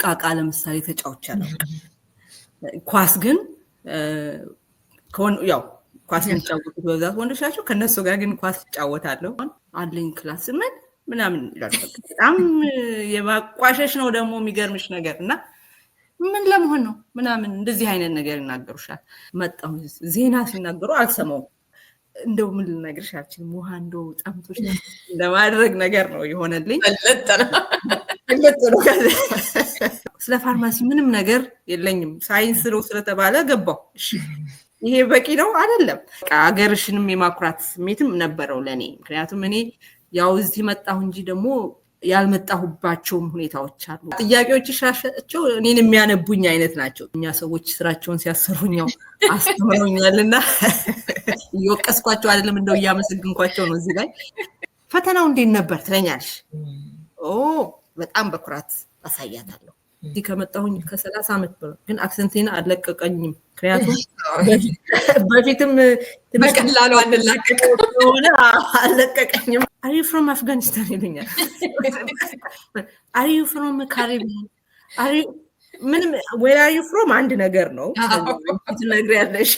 እቃ እቃ ለምሳሌ ተጫውቼ ኳስ ግን ያው ኳስ የሚጫወቱት በብዛት ወንዶች ናቸው። ከእነሱ ጋር ግን ኳስ ይጫወታለሁ አለኝ ክላስ ስምንት ምናምን በጣም የማቋሸሽ ነው ደግሞ የሚገርምሽ ነገር እና ምን ለመሆን ነው ምናምን እንደዚህ አይነት ነገር ይናገሩሻል። መጣሁ ዜና ሲናገሩ አልሰማውም። እንደው ምን ልነግርሽ አልችልም። ውሃ እንደ ጠምቶች ለማድረግ ነገር ነው የሆነልኝ። ነው ስለ ፋርማሲ ምንም ነገር የለኝም፣ ሳይንስ ነው ስለተባለ ገባው። ይሄ በቂ ነው አይደለም። አገርሽንም የማኩራት ስሜትም ነበረው ለእኔ። ምክንያቱም እኔ ያው እዚህ መጣሁ እንጂ ደግሞ ያልመጣሁባቸውም ሁኔታዎች አሉ። ጥያቄዎች ሻሻቸው እኔን የሚያነቡኝ አይነት ናቸው። እኛ ሰዎች ስራቸውን ሲያሰሩኝ ያው አስተምረውኛል እየወቀስኳቸው አይደለም እንደው እያመሰግንኳቸው ነው። እዚህ ላይ ፈተናው እንዴት ነበር ትለኛለሽ። ኦ በጣም በኩራት አሳያታለሁ። እዚህ ከመጣሁኝ ከሰላሳ ዓመት በ ግን አክሰንቴን አለቀቀኝም። ምክንያቱም በፊትም በቀላሉ አንላቀቅ አለቀቀኝም። አሪዩ ፍሮም አፍጋኒስታን ይሉኛል። አሪዩ ፍሮም ካሪቢያን አሪ ምንም ወላዩ ፍሮም አንድ ነገር ነው ትነግሪያለሽ።